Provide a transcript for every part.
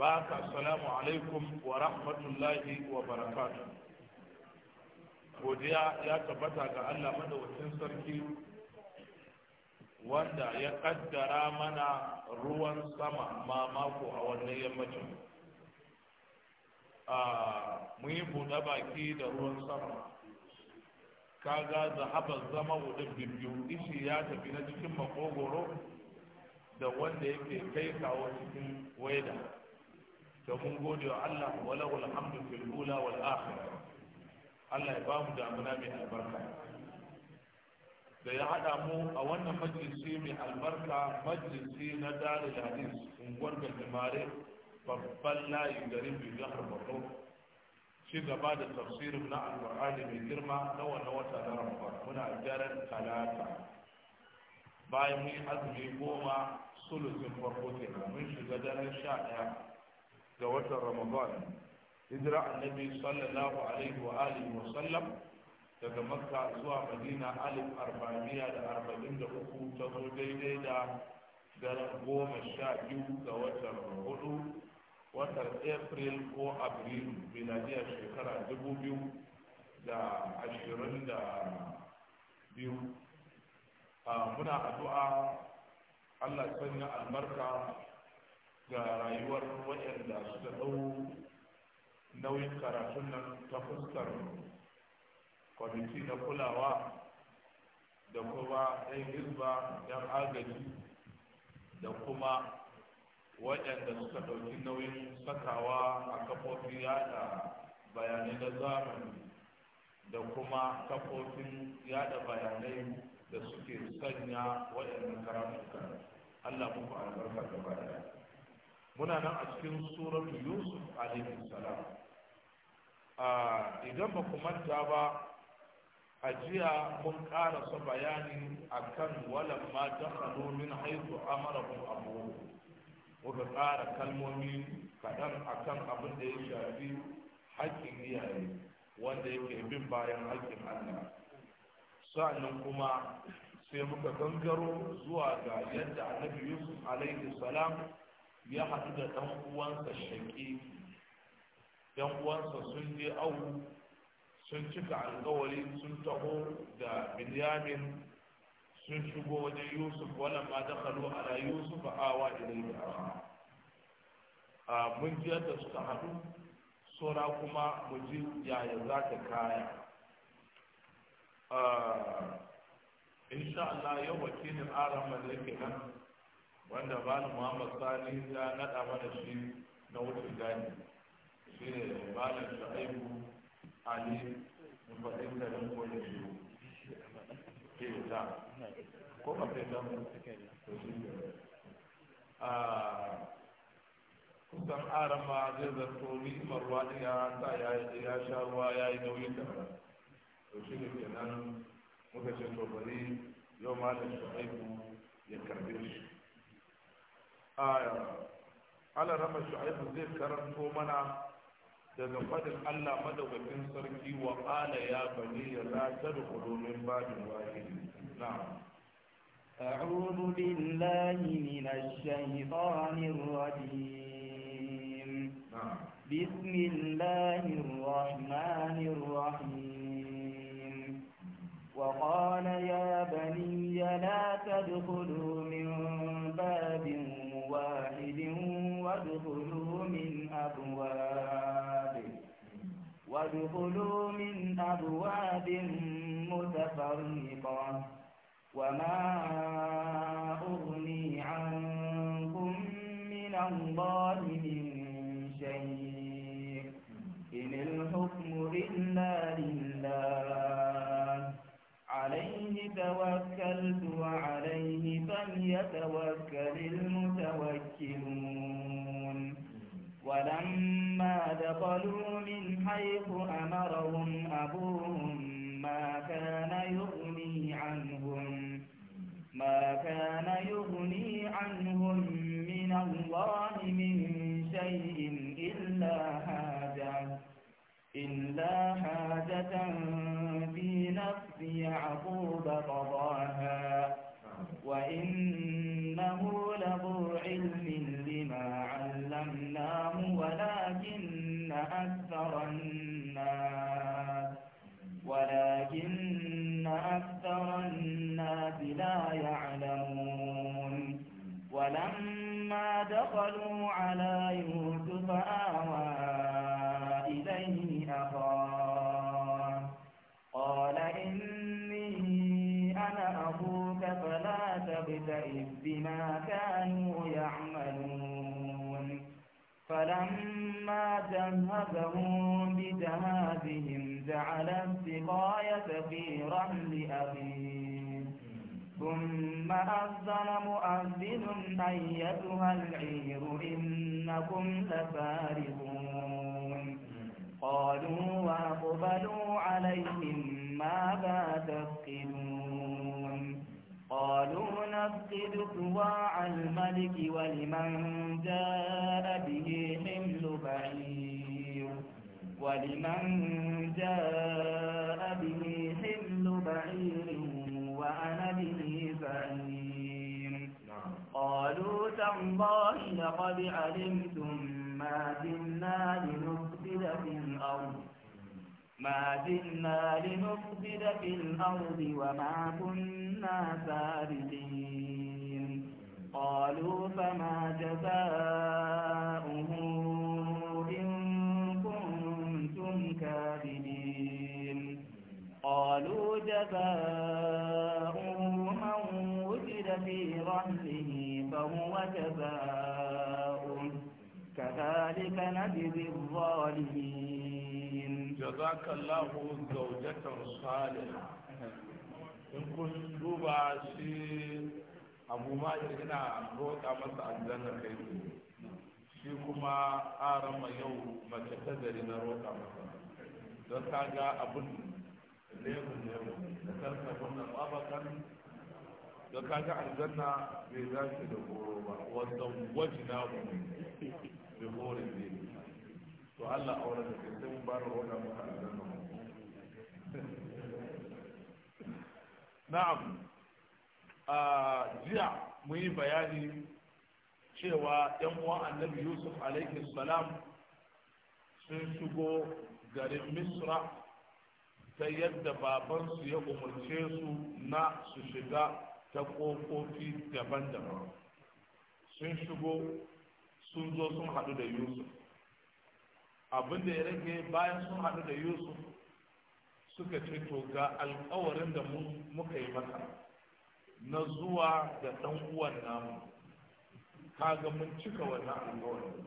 baka assalamu alaikum wa rahmatullahi wa barakatu godiya ya tabbata ga Allah madawacin sarki wanda ya kaddara mana ruwan sama mamako a wannan yammacin ah, mun yi buɗe baki da ruwan sama kaga zahabar zama wuɗin bibiyu ishi ya tafi na cikin makogoro da wanda yake kai kawo cikin waida to mun gode wa Allah wa lahul hamdu fil ula wal Allah ya bamu damuna mai albarka da ya hada mu a wannan majalisi mai albarka majalisi na darul hadis unguwar gajimare babban layin garin biyu jihar Borno ci gaba da tafsirin na alƙur'ani mai girma na wannan wata na Ramadan muna daren talata bayan mun yi azumi goma sulusin farko kenan mun shiga daren sha ɗaya ga watan ramadan hijira annabi sallallahu alaihi wa alihi wa sallam daga makka zuwa madina alif arba'amiya da arba'in da uku ta zo daidai da daren goma sha biyu ga watan hudu watan april ko abril miladiyar shekara dubu biyu da ashirin da biyu ah, muna addu'a allah sanya albarka ga rayuwar waɗanda suka ɗau nauyin karatun nan ta fuskar kwamiti na kulawa da kuma ɗan hizba ɗan agaji da kuma waɗanda suka ɗauki nauyin sakawa a kafofin yada bayanai na zamani da kuma kafofin yada bayanai da suke sanya waɗannan karatuka Allah muku albarka gaba ɗaya muna nan a cikin surar yusuf alaihi salam idan ba ku manta ba a jiya mun karasa bayani akan walan ma dakhalu min haythu amarahum abuhum muka ƙara kalmomi kaɗan akan abin da ya shafi haƙƙin iyaye wanda yake bin bayan haƙƙin Allah sa'annan kuma sai muka gangaro zuwa ga yadda annabi yusuf alaihi salam ya haɗu da ɗan uwansa shaƙi ɗan uwansa sun je awu sun cika alkawari sun taho da binyamin sun shigo wajen yusuf wannan ma da kalu ala yusuf a awa idan da a mun ji yadda suka haɗu sora kuma mu ji yaya za ta kaya insha Allah yau wakilin aran mallake nan wanda ni muhammad sani ta naɗa mana shi na wuce gani shi ne malam shu'aibu ali mun faɗin da nan ko da shi ke da ko ba ta da mu to shi ne a ah, kusan aran ma zai zanto Marwa ya ɗin ya sha ruwa ya yi nauyin da to shi ne kenan muka ce to bari yau malam shu'aibu ya karbe shi آية. على رمى شعيب زيد كرم فومنا دل قدر ألا مدوك وقال يا بني لا تدخلوا من بعد واحد نعم أعوذ بالله من الشيطان الرجيم نعم. بسم الله الرحمن الرحيم وقال يا بني لا تدخلوا من باب وادخلوا من أبواب وادخلوا من أبواب متفرقة وما أغني عنكم من الله من شيء إن الحكم إلا لله عليه توكلت وعليه فليتوكل فلما دخلوا من حيث أمرهم أبوهم ما كان يغني عنهم ما كان يغني عنهم من الله قيل أيتها العير إنكم لفارقون قالوا وأقبلوا عليهم ماذا تفقدون قالوا نفقد سواع الملك ولمن جاء به حمل بعير ولمن جاء قالوا تالله لقد علمتم ما زلنا لنفسد في الأرض ما زلنا لنفسد في الأرض وما كنا سابقين قالوا فما جزاؤه إن كنتم كاذبين قالوا جزاؤه برحمه فهو جزاء كذلك نجزي الظالمين جزاك الله زوجة صالحة in kun duba shi abu mahir ina roƙa masa aljanna kai shi kuma arama yau mace ta gari na roƙa masa don ka ga abin lemun da babakan ka kaga aljanna bai za shi da horo ba wannan na mu da horin ne to Allah aure da kai sai bar da mu aljanna na'am a jiya mu yi bayani cewa yan uwan annabi yusuf alaihi salam sun shigo garin misra ta yadda babansu ya umarce su na su shiga ta ƙofofi daban-daban sun shigo sun zo sun haɗu da yusuf abin da ya rage bayan sun haɗu da yusuf suka ce to ga alkawarin da muka yi maka na zuwa da ɗan uwan namu kaga mun cika wannan alkawarin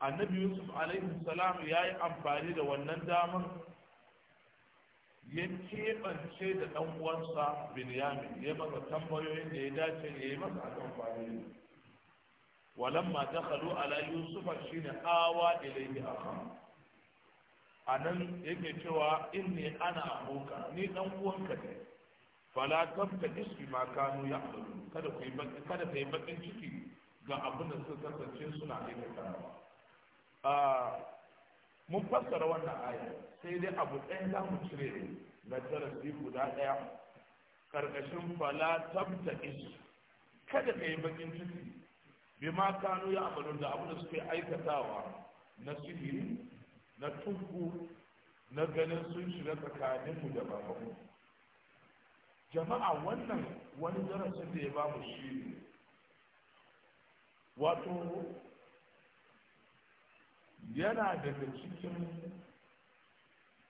annabi yusuf alaihi salam ya yi amfani da wannan damar ya keɓance da ɗan uwansa binyamin ya masa tambayoyin da ya dace ya yi masa akan kwayoyi walamma dakhalu ala yusufa shine awa ilayhi akha anan yake cewa inni ana abuka ni dan uwanka ne fala tabta ismi ma kanu ya'malu kada ku yi bakin ciki ga abin da suka kasance suna aikata ah, mun fassara wannan aya sai dai abu ɗaya za mu cire na darasi guda ɗaya ƙarƙashin fala tabta is kada ka yi bakin ciki bi ma kanu ya amalun da abu da suke aikatawa na sihiri na tuku na ganin sun shiga tsakaninmu da babanmu jama'a wannan wani darasin da ya ba mu shi wato yana daga cikin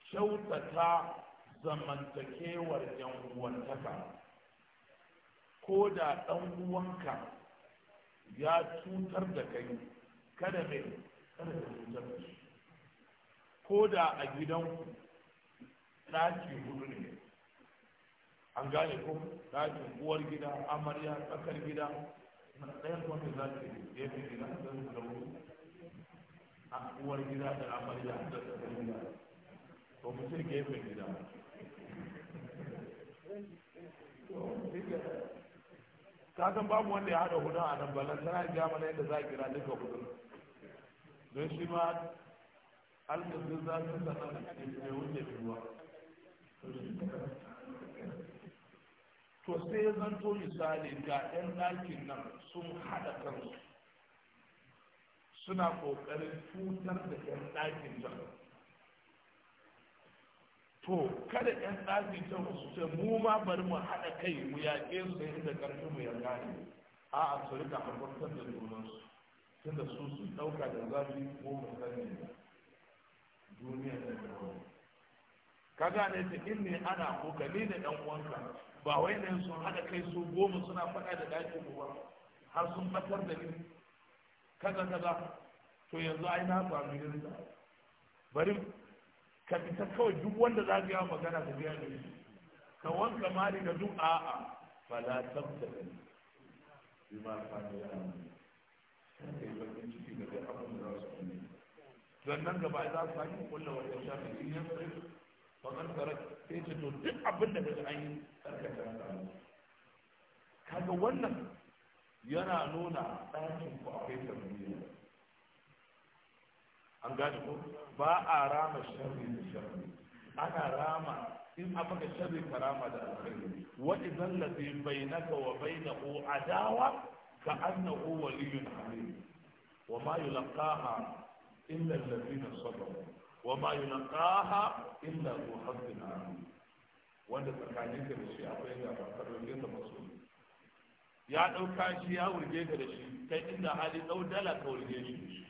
kyautata zamantakewar uwantaka ko da ɗan uwanka ya cutar da kai kada mai kada da cutar da shi ko da a gidanku ɗaki hudu ne an gane ko ɗakin uwar gida amarya tsakar gida ɗayan kwanci za ta yi ya fi gida zan da hudu a uwar gida da amarya da tsakar gida to mu ce gida ka babu wanda ya haɗa hudu a nan balan tana gaya mana yadda za a kira duka hudu don shi ma alƙasar za su sana da ke wuce ruwa to sai ya to misali ga 'yan ɗakin nan sun haɗa kansu suna ƙoƙarin cutar da ƴan ɗakin can to kada ƴan ɗakin can su ce mu ma bari mu haɗa kai mu yaƙe su da yadda ƙarfi mu ya gane a'a su rika haɓartar da junansu tunda su sun ɗauka da zafi ko mu sani duniya da kawai ka gane ta inni ana kuka ni da ɗan uwanka ba wai ne sun haɗa kai su goma suna faɗa da ɗakin ba har sun ɓatar da ni kaza kaza to yanzu ai na samu yanzu bari ka fita kawai duk wanda za ka yi magana ka biya da shi ka wanka mari da duk a'a ba la tabta da ni bi ma ka ne ya ne sai ba kin ciki da abin da za su ne Don nan gaba za su sake kulla wannan shafi in yan sai ba kan tarar sai ce to duk abin da kaga an yi karkata ka ga wannan yana nuna ɗakin ku akwai tarbiyya an gane ko ba a rama sharri da sharri ana rama in a maka sharri ka rama da alkhairi wa idan ladhi bainaka wa bainahu adawa ka annahu waliyyun hamid wa ma yulqaha illa alladhina sabaru wa ma yulqaha illa ذو حظ عظيم wanda tsakanin da shi akwai da farfadoyin da masu ya ɗauka shi ya wurge ka da shi kai inda hali ɗau dala ka wurge shi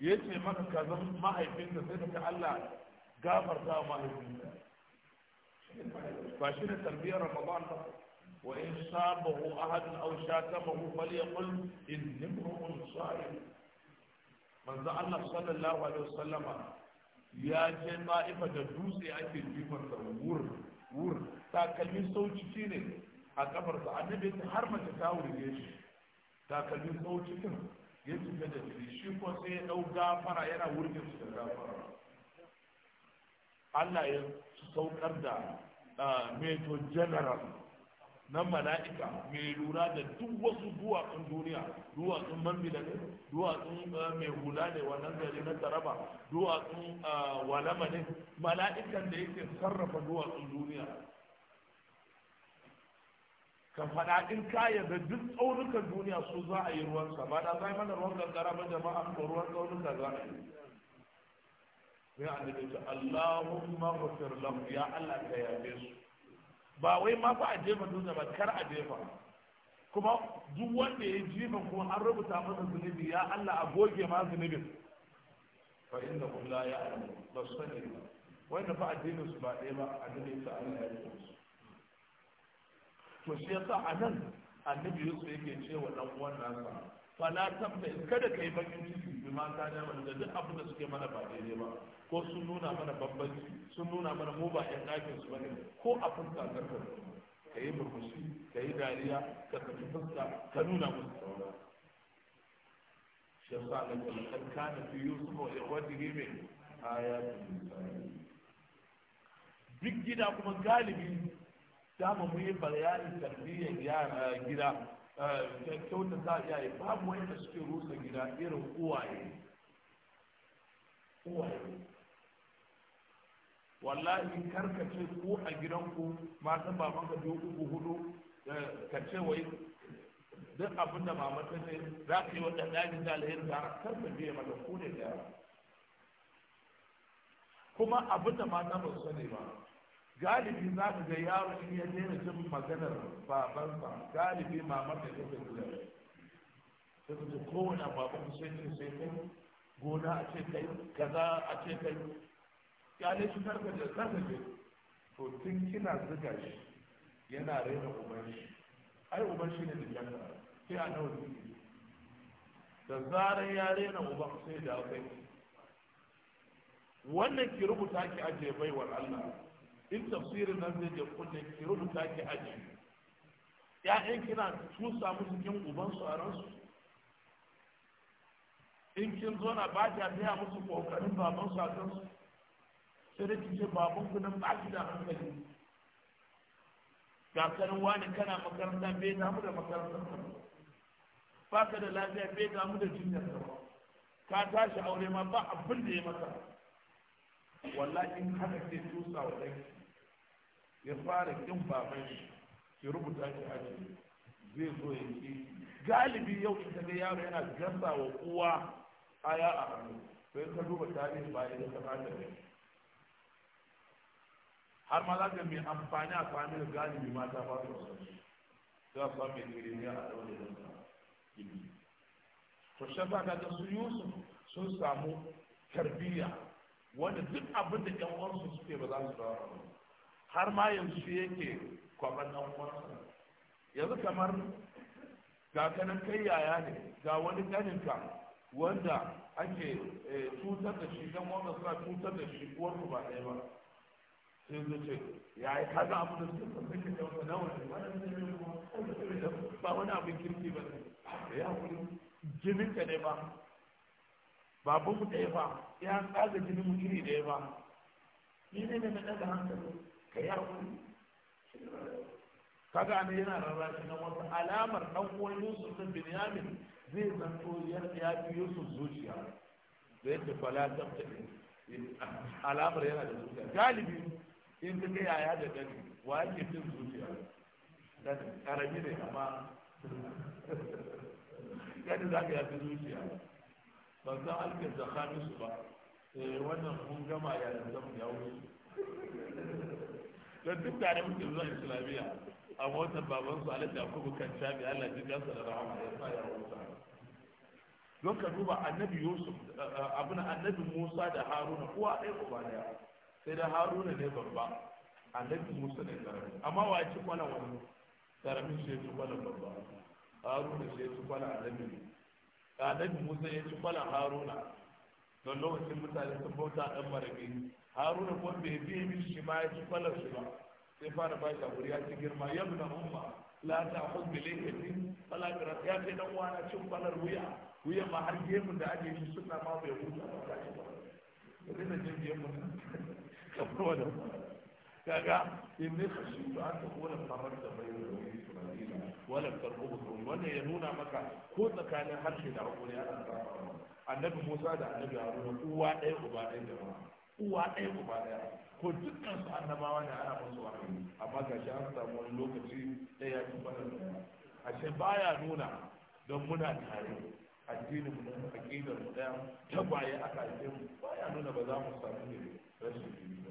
ya ce maka ka zama mahaifinka sai ka Allah gafarta wa mahaifinka ba shi ne tarbiyyar Ramadan ba wa in sabahu ahadun aw shatamahu falyaqul inni imrun sa'im manzo Allah sallallahu alaihi wasallama ya je ma'ifa da dutse ake da wur wur takalmin sauci ne a kafarsa annabi ta har mace ta wurge shi takalmin sauci din ya cika da shi shi ko sai ya dau gafara yana wurge su da gafara Allah ya saukar da ah, meto general na mala'ika mai lura da duk wasu duwatsun duniya duwatsun mambila ne duwatsun eh, mai hula ne wannan gari na taraba duwatsun eh, walama ne mala'ikan da yake sarrafa duwatsun duniya kan faɗa in kaya da duk tsaunukan duniya su za a yi ruwan sa ba da zai mana ruwan gangara ba jama'a ko ruwan tsaunuka za a yi ya annabi ta Allahumma ghfir lahum ya Allah ka yabe su ba wai ma fa a jefa dutse ba kar a jefa kuma duk wanda ya jefa kuma an rubuta masa zunubi ya Allah a goge ma zunubin fa inna hum la ya'lamu ba su sani ba wanda fa jefa su ba ɗaya ba addinin sa Allah ya yi su to shi yasa anan annabi Yusuf yake cewa dan uwan nasa fala tamma kada kai bakin ciki bi ma da wanda duk abin da suke mana ba daidai ba ko sun nuna mana babban sun nuna mana mu ba yan ɗakin su bane ko a fuska karka ka yi murmushi ka yi dariya ka tafi fuska ka nuna musu saura shi yasa da kalkan kana fi yusuf wa ikhwatihi min ayatin duk gida kuma galibi da mu yi bayanin tarbiyyar yara gida Eh, kyauta za iya yi babu wanda suke rusa gida irin uwaye uwaye wallahi karka ce ku a gidanku matan baban ka biyu uku hudu eh, ka ce wai duk abin da mama ta ce za ka yi wa ɗanɗani da alheri da karka biye mata ku ne da yawa kuma abin da mata ba su sani ba galibi za ka ga yaro in ya daina jin maganar babansa galibi mamar da ta kula da ka kowane babu sai ce sai kai gona a ce kai kaza a ce kai kyale shi karka da karka je to tun kina zuga shi yana raina uban shi ai uban shi ne da janta sai a nawa zuki da zarar ya raina uban sai da kai wannan ki rubuta ki ajiye baiwar Allah in tafsirin nan zai je kunne ki rubuta ki aji ya'yan kina tusa musu cikin uban su a ransu in kin zo na ba ta taya musu kokarin baban su a kansu sai da kike baban ku nan ba ki da hankali ga kanin wani kana makaranta bai damu da makaranta. ba ka da lafiya bai damu da jinyar ka ka tashi aure ma ba abin da ya maka wallahi in haka sai tusa wa dai ya fara kin baban shi ki rubuta ki a ciki zai zo ya ki galibi yau in ga yaro yana gasa wa uwa aya a hannu sai ka duba tarihi ba ya ka fata ne har ma za ka mai amfani a da galibi mata ba su sani za su mai ne a ɗaure da ta ilimi to shafa ka su yusuf sun samu tarbiyya wanda duk abin da ƴan uwansu suke ba za su dawo ba har ma yanzu shi yake kwaban nan uwansa yanzu kamar ga kanan kai yaya ne ga wani ganinka wanda ake eh, cutar da shi dan wanda suna cutar da shi uwar ba ɗaya ba sai zai ce ya yi kaza abu da suka sake kyauta na wani ba wani abin kirki ba ne ya kuri jinin ka ne ba babu mu ɗaya ba ya tsaga jinin mu iri ɗaya ba ni ne ne na ɗaga hankali ka yi haƙuri kaga ana yana rarrashi na wasu alamar ɗan uwan yusuf ɗin binyamin zai zanto ya fi yusuf zuciya da yadda fala tabta alamar yana da zuciya galibi in ka kai yaya da gani wa yake fin zuciya karami ne amma yadda za ka yafi zuciya ba san alkin zakani su ba wannan mun gama yayin zamu ya wuce don duk tare muke zuwa islamiyya a motar baban su alhaji yakubu kan shafi allah ji gansa da rahama ya sa ya wuta don ka duba annabi yusuf eh, abin annabi musa da haruna uwa ɗaya uba ɗaya sai da haruna ne babba annabi musa ne karami amma wa ci kwanan wani karamin shi ya ci kwanan babba haruna shi ya ci kwanan annabi annabi musa ya ci kwanan haruna don lokacin mutane sun bauta ɗan maraƙi haruna ko bai biye mishi shi ma ya ci kwalar shi ba sai fara ba shi abu ya ci girma ya bi na umma la ta hau bilekati fala bira ya kai dan wana cin kwalar wuya wuya ma har gemun da ake yi suna ma bai huta ba ta ci ba sai da jin gemun kamar wadda kaga in ne ka shi an ta kona farar da bai da wani isra'ila wala tarbuhu wannan ya nuna maka ko tsakanin harshe da hakuri ana tsara annabi musa da annabi haruna uwa ɗaya uba ɗaya da ba uwa ɗaya uba ɗaya ko dukkan su annabawa ne ana musu wahayi amma ga shi an samu wani lokaci ɗaya su bada ɗaya a ba ya nuna don muna tare addinin mu aqidar mu ɗaya tagwaye aka haife mu ba ya nuna ba za mu samu ne rashin jini ba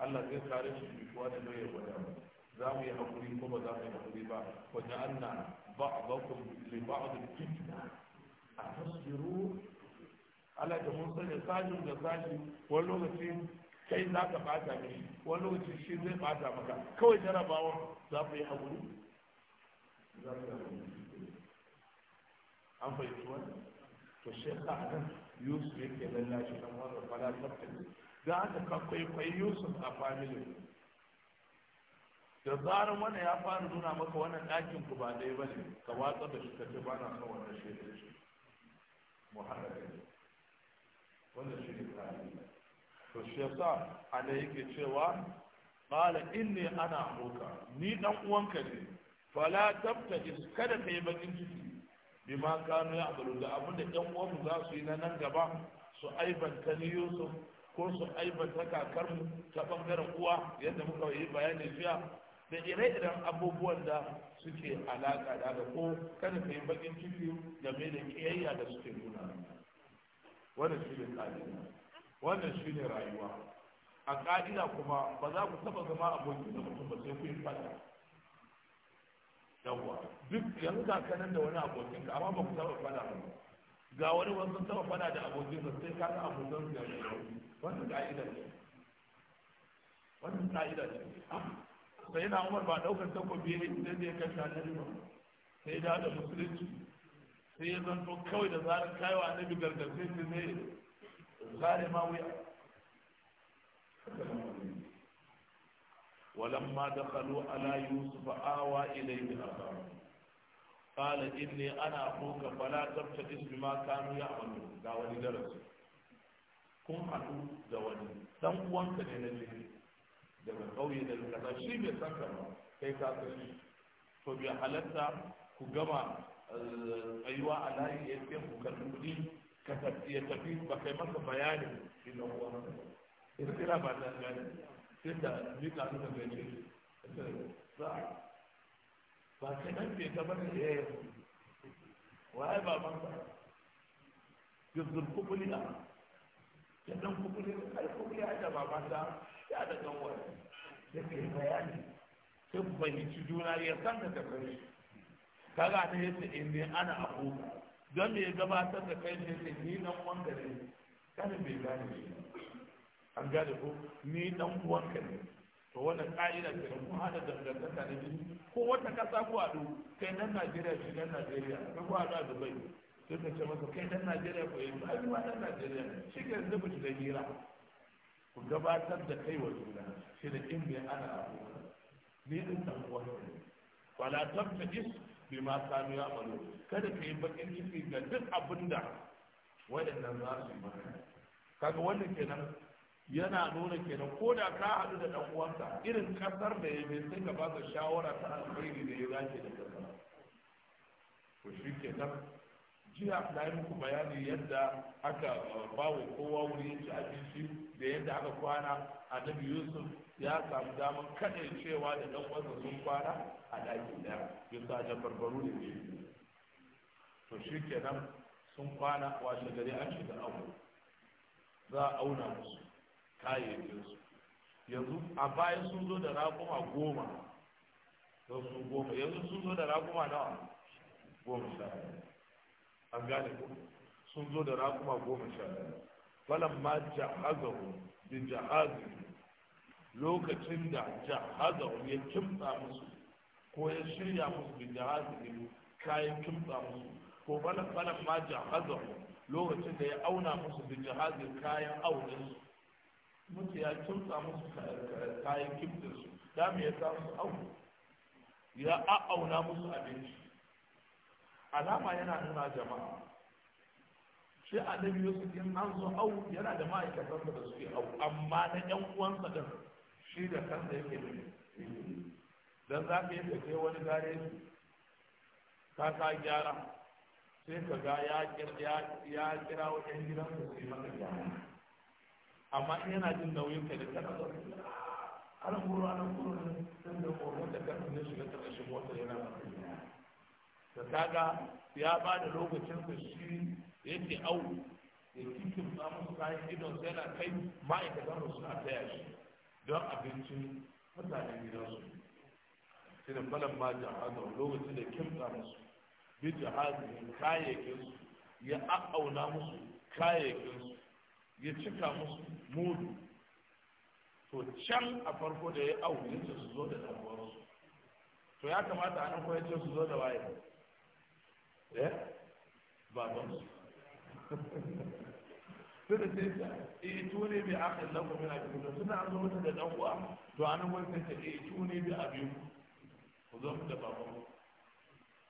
Allah zai kare shi kuwa da mai gwada mu za mu yi hakuri ko ba za mu yi hakuri ba wajen an na ba'dakum li ba'd fitna a tasbiru Allah da mun sani sajin da sashi wani lokaci kai za ka bata mishi wani lokaci shi zai bata maka kawai jarabawa za ku yi haƙuri an fahimci wani to shi ka nan yusuf ya ke nan wanda fara tabbata da aka ka kwaikwayi yusuf a famili da zarar wani ya fara nuna maka wannan ɗakin ku ba dai ba ne ka watsa da shi ka ce ba na son wannan shi da shi muharrar Wanda shi ne to shi yasa ana yake cewa qala inni ana abuka ni dan uwanka ne fala tabtaji kada ka yi bakin ciki bima kanu ya abalu da abin da ɗan uwanmu za su yi na nan gaba su aibanta ni yusuf ko su aibanta kakarmu ta bangaren uwa yadda muka yi bayani jiya da ire-iren abubuwan da suke alaka da ko kada ka yi bakin ciki game da kiyayya da suke nuna wannan shi ne ƙa'ida wannan shi ne rayuwa a ƙa'ida kuma ba za ku taɓa zama aboki da mutum ba sai ku yi fada. yawwa duk yanzu ga kanan da wani abokin ka amma ba ku taɓa fada ba ga wani wasu taɓa fada da abokin ka sai ka ga abokan su yanzu wannan ƙa'ida ce wannan ƙa'ida ce sai na umar ba ɗaukar takobi ne da zai kashe annabi ba sai da da musulunci sai ya zanto kawai da zarar kayo annabi gargarsai sai ne zare ma wuya ولما دخلوا على يوسف آوى إليه أباه قال إني أنا أخوك فلا تبتئس بما كانوا يعملون دا ولي درس kun حدو da wani dan uwanka ne na jini daga ƙauye da kaza shi bai san ka tsayuwa a layi ya ce ku karbi kuɗi ka tafi ya tafi ba kai masa bayanin ina uwa irkira ba ta gani sai da ni ka suka gaje za ba ba kai nan bai ta bane da yayin waye ba ban ba ya yuzur kubuli a yadda kubuli ai kubuli ai da ba ba ta ya da kanwa ya kai bayani sai ku fahimci juna ya san da ka sani kaga ta yace in eh, ne ana abu don me ya gabatar da kai ne sai ni dan wanda ne kada bai gane shi an gane ko ni dan uwanka ne to wannan ka'ida ce kun hada dangantaka ne ko wata kasa ko do kai nan Najeriya shi nan Najeriya kai ko ado a Dubai sai ka ce masa kai nan Najeriya ko yanzu ai ma nan Najeriya shi ke zuba shi da hira ku gabatar da kai wa juna shi da in bai ana abu ni din dan uwanka ne wala tabtajis fi ma sami ya faru kada ka yi bakin ciki ga duk abinda da waɗannan za su ba kaga wannan kenan yana nuna kenan ko da ka haɗu da ɗan uwanka irin ƙasar da ya bai sai ka baka shawara ta alƙairi da ya zaki da ƙasar to shi kenan jiya na yi muku bayani yadda aka uh, ba wa kowa wuri ya ci abinci da yadda aka kwana annabi yusuf ya samu damar kaɗai cewa da ɗan uwansa sun kwana a ɗaki ɗaya bisa da barbaru da ke to shi kenan sun kwana washe gari an shiga abu. za a auna musu kayayyakinsu yanzu a bayan sun zo da raƙuma goma da su goma yanzu sun zo da raƙuma nawa goma sha an gane ko sun zo da raƙuma goma sha ɗaya falan ma jahazahu bi jahazi lokacin da jahaza ya kimtsa musu ko ya shirya musu bin jahaza ne kayan kimtsa musu ko bala bala ma jahaza lokacin da ya auna musu bin jahaza kayan aunin su mutu ya kimtsa musu kayan kimtsa su da me ya samu auna ya auna musu abinci alama yana nuna jama'a shi annabi yusuf in an zo au yana da ma'aikatan da suke au amma na yan uwansa din shi da kansa yake da dan za ka yi tsaye wani gareji ka ka gyara sai ka ga ya kira wa ɗan gidan su sai maka gyara amma in yana jin nauyin ka da kana zo an guru an guru ne sun da koron da kan ne shiga ƙarƙashin mota yana maka gyara da kaga ya ba da lokacin shi yake au da kikin ba musu kayan gidan sai na kai ma'aikatan su na taya shi don abincin mutanen su sai da falon ma jihada lokacin da kimta musu bi kayayyakin su, ya a'auna musu kayayyakin su, ya cika musu mudu to can a farko da ya aure ce su zo da su to ya kamata an koyar ce su zo da waye eh su." sai sai ta eh to ne bi akan lakum min abin da suna an zo da dan uwa to an wani sai ta eh to ne bi abin ku zo mu da babu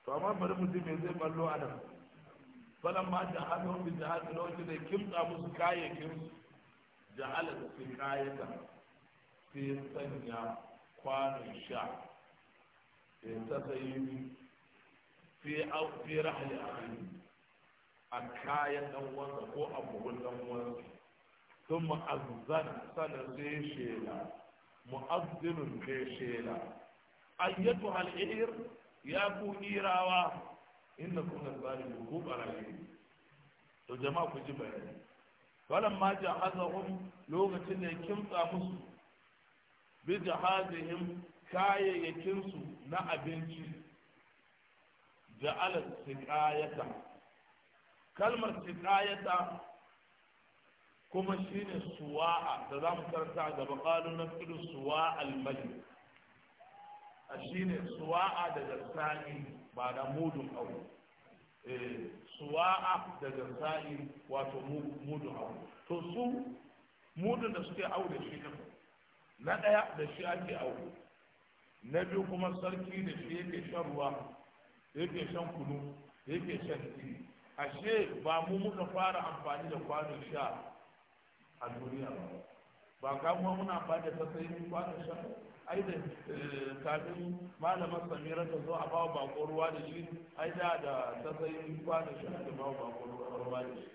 to amma bari mu ji me zai ballo a nan falan ma da hannun bi da hannun lokacin da kimtsa musu kayayyakin ja'ala da su kayyata sai sanya kwanon sha ya ta sayi fi rahali a hannun a kayan dan wasa ko a buhun dan uwansa sun mu'azzan sanar sai shela mu'azzinun sai shela ayyatu al'ir ya ku irawa inda kuna tsarin ku barayi to jama'a ku ji bayani walan ma jahazahum lokacin da ya kimtsa musu bi jahazihim kayayyakin su na abinci da alas siqayata kalmar shiqayata kuma shine suwa'a da za mu karanta ga gaba na nafidu suwa al a shine suwa'a daga sani ba da mudun Eh suwa'a daga sani wato mudun aure to su mudun da suke aure shi ne na ɗaya da shi ake aure na biyu kuma sarki da shi yake shan ruwa yake shan kunu yake shan tiri ashe ba mu muka fara amfani da kwanon sha a duniya ba ba ka kuma muna amfani da fasahin kwanon sha ai da eh, kafin malamar samira ta zo a bawa bakon ruwa da shi ai da da fasahin kwanon sha da bawa bakon ruwa da shi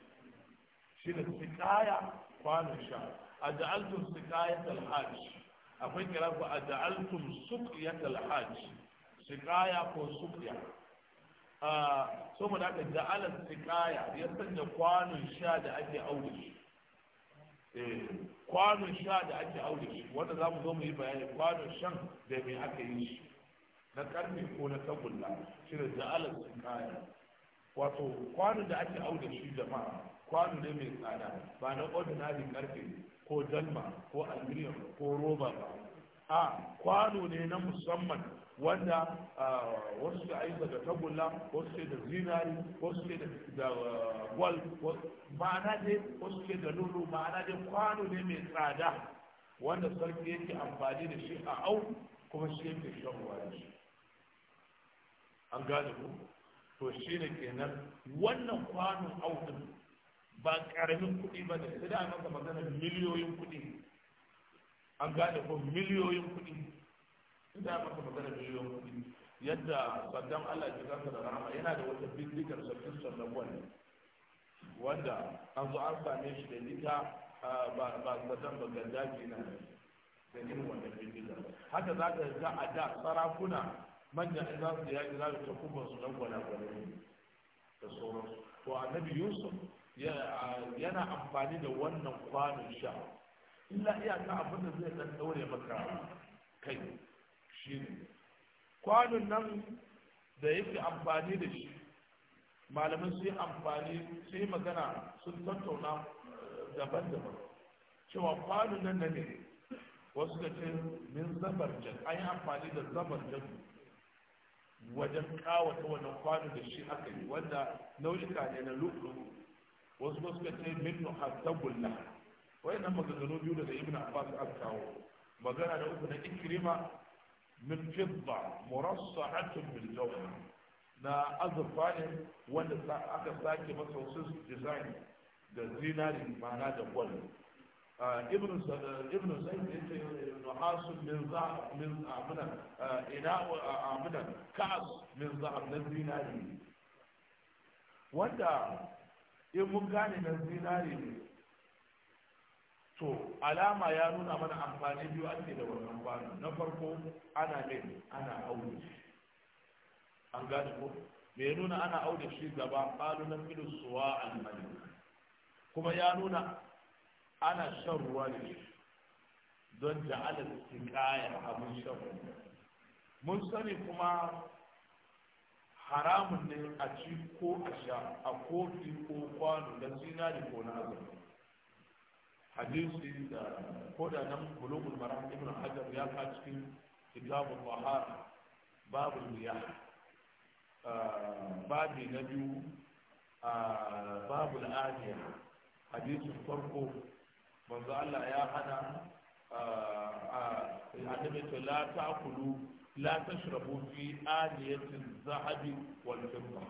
shi da sikaya kwanon sha a ja'altum sikaya talhaji. akwai kira ku a ja'altum suqiyatal talhaji. sikaya ko sukiya saboda haka ja'ala sikaya ya sanya kwanon sha da ake aure eh, kwanon sha da ake aure wanda za mu zo mu yi bayani kwanon shan da me aka yi shi na karfe ko na tagulla shi da ja'ala sikaya wato kwano da ake aure shi jama'a kwano ne mai tsada ba na ordinary karfe ko dalma ko aluminium ko roba ba a kwano ne na musamman wanda ah, wasu su ayi daga tagulla wasu ke da zinari wasu ke da gwal ma'ana ne wasu ke da lulu ma'ana ne kwano ne mai tsada wanda sarki yake amfani da shi a au kuma shi yake shan ruwa da shi an gane ku to shi ne kenan wannan kwanon au din ba karamin kuɗi ba da sai da maka magana miliyoyin kuɗi an gane ku miliyoyin kuɗi ina maka magana yiwuwar kuɗi yadda saddam allah ke kansa da rama yana da wata bindigar sabbin na wani wanda an zo an same shi da ita ba saddam ba ke na da yin wannan bindigar haka za ka ga a da sarakuna manyan za su yaƙi za su ta kuma su na gwana ne da sauransu to annabi yusuf yana amfani da wannan kwanon sha illa iyaka abin da zai ɗan ɗaure maka kai shi ne kwanon nan da yake amfani da shi malamin su yi amfani su yi magana sun tattauna eh, daban-daban cewa kwanon nan na ne wasu ka ce min jan an yi amfani da jan wajen kawata wannan kwanon da shi aka yi wanda nau'ika ne na lukuru wasu wasu ka ce min nuhattabulla wayannan maganganu biyu da ibn abbas aka kawo magana da uku na ikirima min fidda murassa'atun min na azurfa ne wanda aka sake masa wasu design da zinari ma'ana da gwal ibn ibn zaid yace nuhasun min za min amina ina amina kas min zahab na zinari wanda in mun gane na zinari ne to alama ya nuna mana amfani biyu ake da wannan kwano na farko ana mai ana aure an gane ko me nuna ana aure shi gaba qalu na filu suwa al malik kuma ya nuna ana shan ruwa ne don ja'ala kayan abin shan ruwa mun sani kuma haramun ne a ci ko a sha a kofi ko kwano da zinari ko na azumi hadisi da koda nan bulugul maram ibn hajar ya ka cikin kitabul bahar babul riyah ah, babi na biyu ah, babul adiya hadisin farko manzo Allah ya hana ah, annabi to la ta'kulu la tashrabu fi adiyatin zahabi wal fidda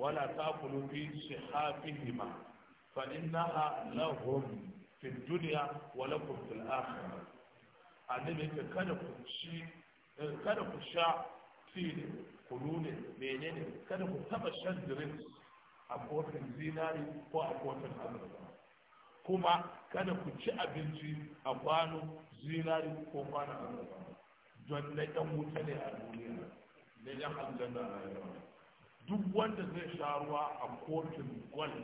wala ta'kulu fi shihafihima fa innaha lahum fi duniya wala lakum fil akhirah annabi yake kada ku ci kada ku sha fili kunu ne menene kada ku taba shan drinks a kofin zinari ko a kofin azurfa kuma kada ku ci abinci a kwano zinari ko kwano azurfa don na ɗan wuta ne a duniya na ɗan aljanna a rayuwa duk wanda zai sha ruwa a kofin gwal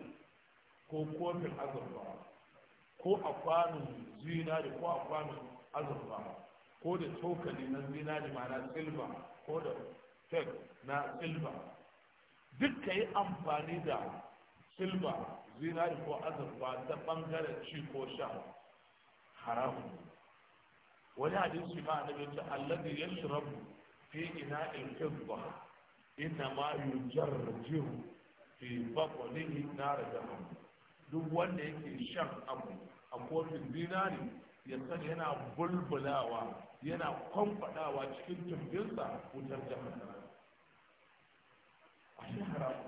ko kofin azurfa ko a kwanon zinari ko a kwanon azurfa ko da cokali na zinari ma'ana silba ko da fek na silba duk ka yi amfani da silba zinari ko azurfa ta bangaren ci ko sha haramun wani hadisi ma annabi ta alladhi yashrabu fi ina'il fidda ina ma yujarjiru fi batnihi nar jahannam duk wanda yake shan abu a kofin zinari ya sani yana bulbulawa yana kwamfadawa cikin tumbinsa wutar jahannama a shi haramu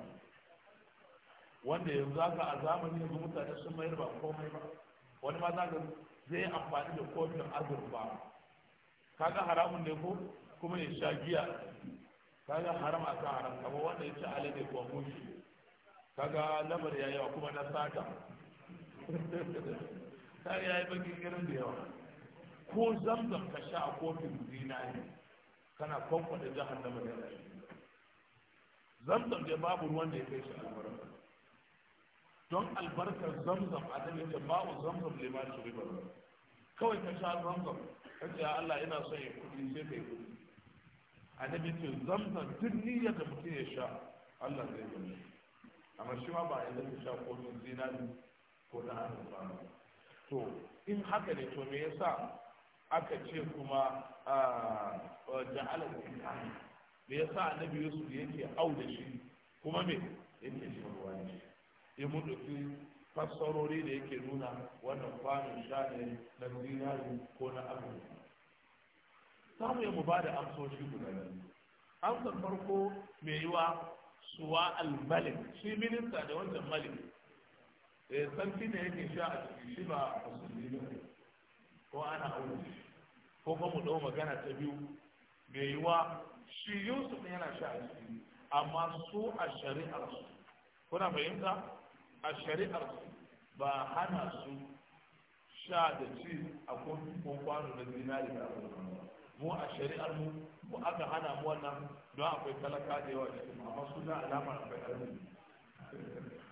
wanda yanzu za ka a zamani yanzu mutane sun mayar ba komai ba wani ma za ka zai amfani da kofin azurfa kaga haramun ne ko kuma ya sha giya kaga haram a kan haram kamar wanda ya ci alade ko mushi kaga lamar ya yawa kuma na sata ta ya yi bakin girin da yawa ko zamzam ka sha a kofin zinari kana kwankwada jihar da magana zamzam da babu ruwan da ya kai shi albarka don albarkar zamzam a nan yake babu zamzam lima shi riba kawai ka sha zamzam ka ce Allah ina son ya kudi sai kai kudi A ce zamzam duk niyyar da mutum ya sha Allah zai gani amma shi ma ba a yi sha kofin zinari ko na hannun ba to in haka ne to me yasa aka ce kuma ja'ala kuka me yasa annabi yusu yake au da shi kuma me yake shi ruwa ne in mun dauki fassarori da yake nuna wannan kwanon sha ne na zinari ko na abin samu ya mu ba da amsoshi guda biyu amsar farko mai yiwa suwa al-malik shi minista da wancan malik eh fi ne yake sha a cikin shi ba musulmi ne ko ana aure ko ba mu dau magana ta biyu bai yi shi yusuf ne yana sha a cikin amma su a shari'ar su kuna fahimta a shari'ar su ba hana su sha da ci a ko kwano na zinari da abubuwan mu a shari'ar mu mu aka hana mu wannan don akwai talaka da yawa cikin amma su alamar akwai arziki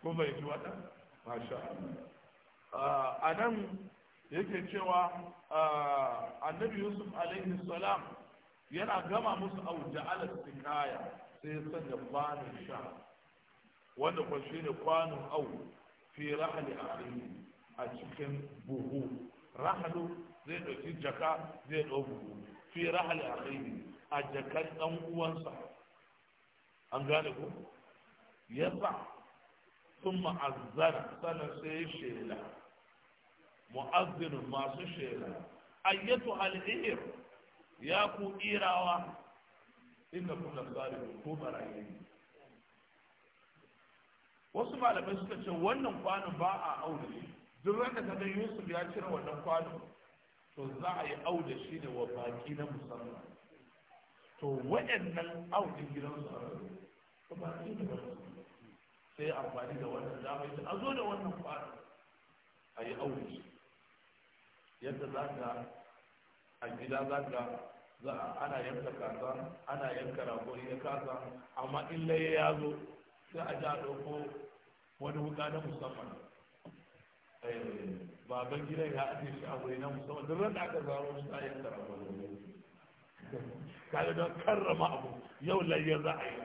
ko bai ji wata masha Allah a nan yake cewa annabi yusuf alaihi salam yana gama musu auja ala sikaya sai sanya kwanon sha wanda kwa shi ne kwanon au fi rahali a a cikin buhu rahalu zai ɗauki jaka zai ɗau buhu fi rahal akhihi a jakar dan uwansa an gane ko yaba thumma azzana sana sai shela mu'azzin masu shela ayyatu al ihr ya ku irawa inna kunna salihin ko barayin wasu malamai suka ce wannan kwanon ba a aure duk ranka ta ga yusuf ya cire wannan kwanon to za a yi au da shi ne wa baki na musamman to waɗannan audin gidan su a baki da su. sai amfani da wannan dama ita a zo da wannan fara a yi aure shi yadda za ka a gida za ka za a ana yanka kasa ana yanka rago ya kasa amma in laye ya zo sai a ja ɗauko wani wuka na musamman Eh, baban gidan ya ake shi a wuri na musamman duk ran aka zaro shi ta yin karama kaga don karrama abu yau layyar za a yi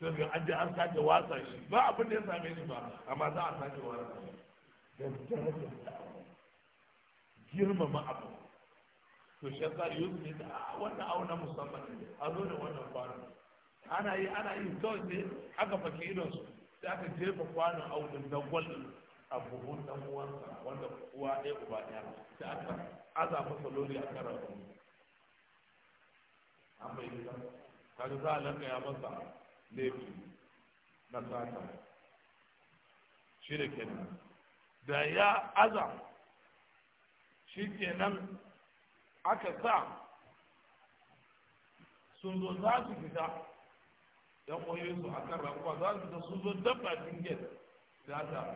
sai ga an je an sake wasa shi ba abin da ya same shi ba amma za a sake wasa shi girmama abu to shi yasa yusuf ah, ne da wannan auna musamman a zo da wannan kwanon ana yi ana yi kawai sai aka fake idonsu sai aka jefa kwanon audun da gwal abubuwan dan uwansa wanda uwa ɗaya uba ɗaya ba. sai aka aza masa lori a kan rabu an bai yi kaga za a lanka ya masa laifi na sata shi da kenan da ya aza shi kenan aka sa sun zo za su fita yan ƙwayoyinsu a kan rakuwa za su fita sun zo dabba cikin gate za ta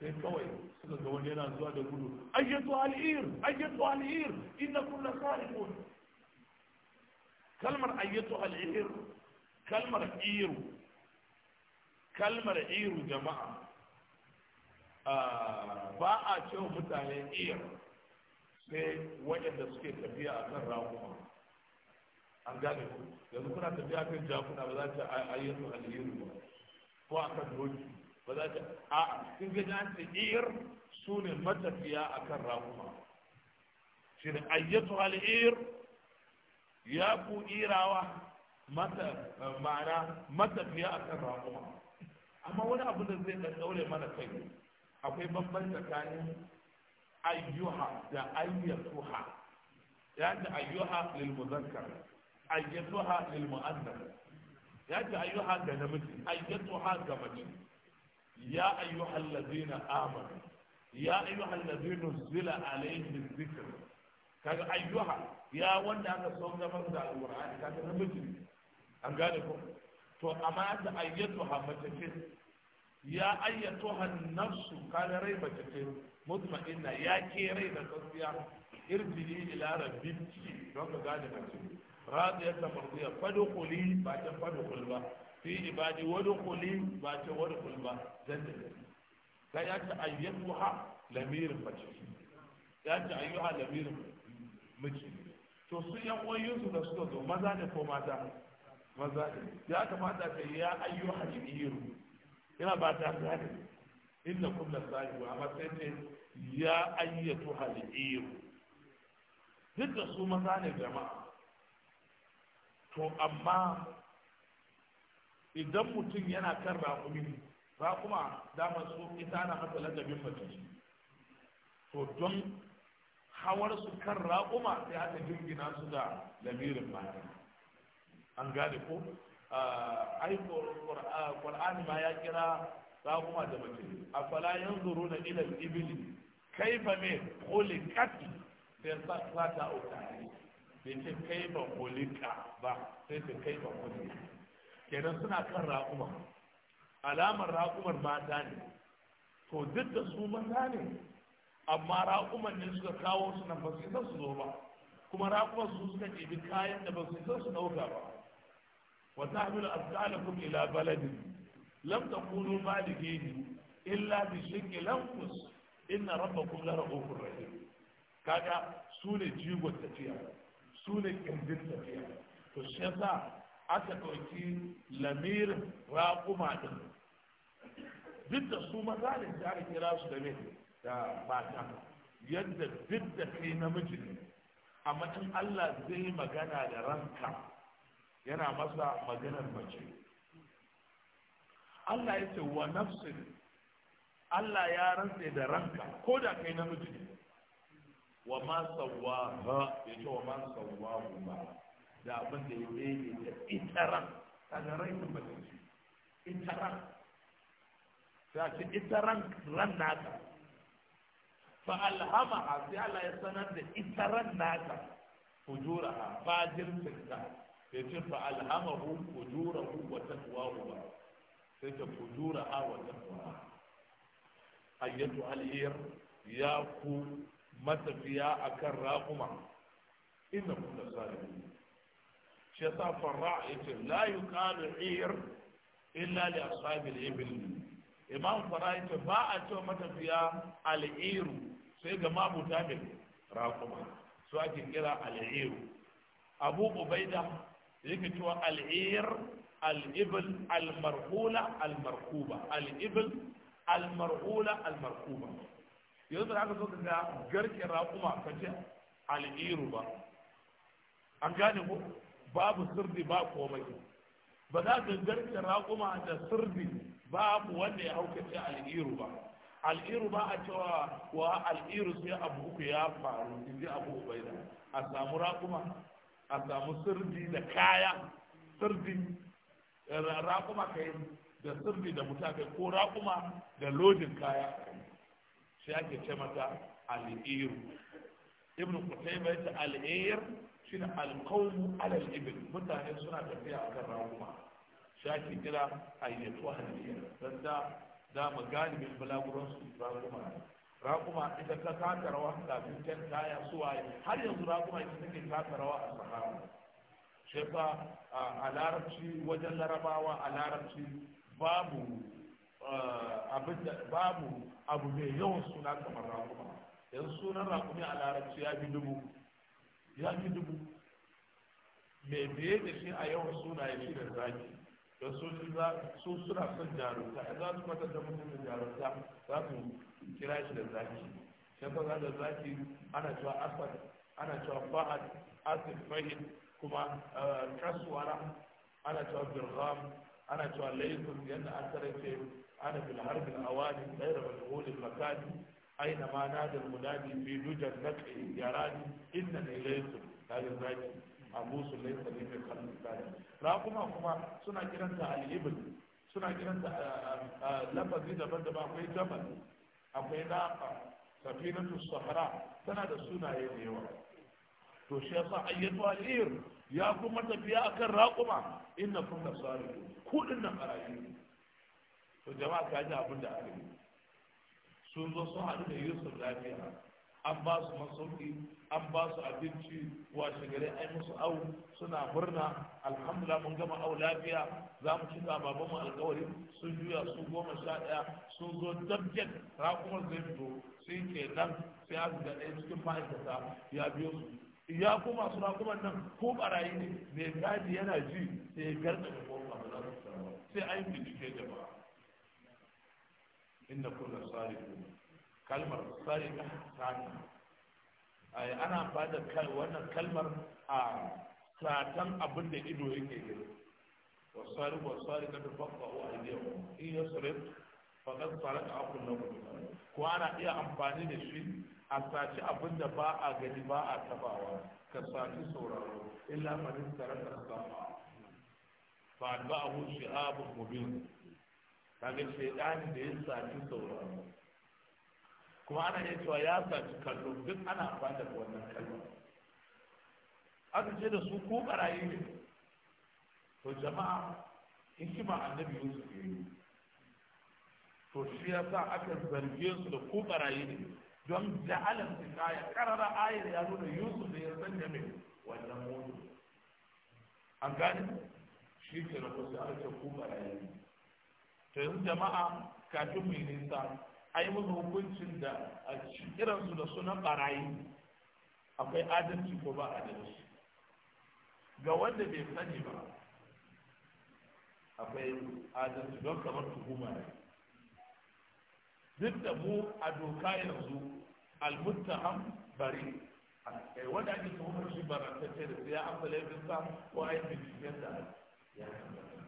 sai kawai suka ga wani yana zuwa da gudu ayyatu al'ir ayyatu al'ir inna kullu sarikun kalmar ayyatu al'ir kalmar iru kalmar iru jama'a ba a ce mutane iya sai waɗanda suke tafiya a kan ramuwa an gane ku yanzu kuna tafiya kan jakuna ba za ta ayyatu al'iru ba ko a kan doki ba za ta a kin ga an ce ir su ne matafiya akan rakuma shi ne ayyatu al ir ya ku irawa mata eh, ma'ana matafiya akan rakuma amma wani abu da zai dan daure mana kai akwai bambanci tsakanin ayyuha da ayyatuha ya ta ayyuha lil muzakkar ayyatuha lil mu'annas ya ta ayyuha ga namiji ayyatuha ga mace ya ayyuhal ladina amanu ya ayyuhal ladina zila alaihim dhikr kaga ayyuha ya wanda aka son gaban da alqur'ani kaga namiji an gane ko to amma da ayyatu ha mace ya ayyatu ha nafsu kaga rai mace ce mutma'inna ya ke rai da tsafiya irjili ila rabbiki don ka gane mace radiyatan mardiya fadkhuli ba ta fadkhul ba fi ibadi wadu kuli ba ce wadu kuli ba zan da gari ka ya ta ayyuhu ha lamirin mace ya ta ayyuhu ha lamirin mace to su yan su da suka zo maza ne ko mata maza ne ya kamata ka ya ayyuhu ha lamirin ina ba ta gane inna kullu sahibu amma sai ne ya ayyatu ha lamirin duk da su maza ne jama'a to amma idan mutum yana kan rakumi raƙuma damar su ita ana haka ladabin mace to don hawar su kan raƙuma sai aka jingina su da lamirin mata an gane ko ai qur'ani ma ya kira raƙuma da mace afala yanzuruna ila al-ibli kaifa me khuliqat sai sa ta ne bai ce kaifa khuliqa ba sai ta kaifa khuliqa kenan suna kan raƙuma alamar raƙumar mata ne to duk da su mata ne amma raƙuman ne suka kawo su nan ba su su zo kuma raƙuman su suka ɗebi kayan da ba su isa su ɗauka ba wa tahmilu azqalakum ila baladin lam takunu balighihi illa bi shiqqi lanfus inna rabbakum la ra'ufur rahim kaga su ne jigon tafiya su ne kindin tafiya to shi yasa aka ɗauki lamirin raƙuma ɗin duk da su maza ne sai aka kira su da me da mata yadda duk da kai namiji ne amma in Allah zai magana da ranka yana masa maganar mace Allah ya ce wa nafsin Allah ya rantse da ranka ko da kai namiji ne wa ma sawwa ha ya ce wa ma sawwa ba da abin da ya bege da itaran kaga rai mun ba shi itaran sai ce itaran ran naka fa alhama sai Allah ya sanar da itaran naka fujuraha fajirtin ta sai ce fa alhama alhamahu fujurahu wa taqwahu ba sai ta fujuraha wa taqwaha ayyatu al ya ku matafiya akan raquma inna kuntum salihin yasa farra yace la yuqalu ir illa li ashabil ibil imam farra yace ba a cewa matafiya al'iru sai ga mabuta da raƙuma su ake kira al'iru abu ubaida yake cewa al'ir al'ibil almarhula almarkuba al'ibil almarhula almarkuba yanzu da aka so ga garke raƙuma kace al'iru ba an gane ko babu sirri ba komai ba za ka garke raƙuma da sirri babu wanda ya haukace al'iru ba al'iru ba a cewa wa al'iru sai abu uku ya faru in ji abu ubaida a samu raƙuma a samu sirri da kaya sirri eh, raƙuma kai da sirri da kai ko raƙuma da lodin kaya sai ake ce mata al'iru ibn bai ta al'ir shi ne alkawun alal ibil mutane suna tafiya a kan raguma shaki kira ayyatu haliya don da dama galibin bulaguron su raguma ne raguma ita ta taka rawa kafin can kaya waye har yanzu raguma ita take taka rawa a sahara shi fa a larabci wajen larabawa a larabci babu babu abu mai yawan suna kamar raguma yanzu sunan ragumi a larabci ya fi dubu ya fi dubu mai biye da shi a yawan sunaye shi da zaki da su suna son jarumta za su da mutum da jarumta za su kira shi da zaki sai ka da zaki ana cewa asad ana cewa fahad asif fahim kuma eh, kasuwara ana cewa birram ana cewa laifin yadda an tare ce ana bil harbin awani ɗaya da wani makan aina ma da munadi fi dujar naqi yarani inna ilaykum yi zaki abu sulaita ne mai karin tsari ra kuma suna kiranta al suna kiranta ah, ah, ah, lafazi daban-daban akwai jamal akwai naqa safinatu sahara tana da sunaye da yawa to shi yasa ayyatu al-ir ya kuma tafiya akan raquma innakum lasariqun kudin nan barayi to jama'a kaji abin da aka sun zo sun haɗu da yusuf lafiya an ba su masauki an ba su abinci wa shigare ai musu au suna murna alhamdulillah mun gama au lafiya za mu cika baban mu alƙawari sun juya su goma sha ɗaya sun zo dabjet rakumar zai fito sai ke nan sai a ga ɗaya cikin ma'aikata ya biyo su ya kuma su rakuman nan ko barayi ne mai gadi yana ji sai ya garɗa da kofa sai an bincike jama'a inda kulla sariku kalmar sariku sani ana ba da wannan kalmar a satan abin da ido yake gani wasari wasari ka da fafa wa aliyu in ya sare fakat sarat akun na ko ana iya amfani da shi a saci abin da ba a gani ba a tabawa ka saci sauraro illa man taraka sama fa ba hu shi'abun mubin kaga shaidani da ya saci sauran kuma ana yin cewa ya saci kallo duk ana amfani da wannan kallo aka ce da su ko barayi ne to jama'a ba annabi yusuf ya yi to shi ya sa aka zarge su da ko barayi ne don su kaya karara ayar ya nuna yusuf da ya sanya mai wannan mutu an gane shi ke na kusa aka ce ko barayi ne to yanzu jama'a kafin mu yi nisa a yi musu hukuncin da a irinsu da sunan barayi akwai adalci ko ba adalci ga wanda bai sani ba akwai adalci don kamar tuhuma ne duk da mu a doka yanzu almuttaham bari a eh, wanda ake tuhumar shi barantacce da sai ya amsa laifinsa ko a yi binciken da ya kamata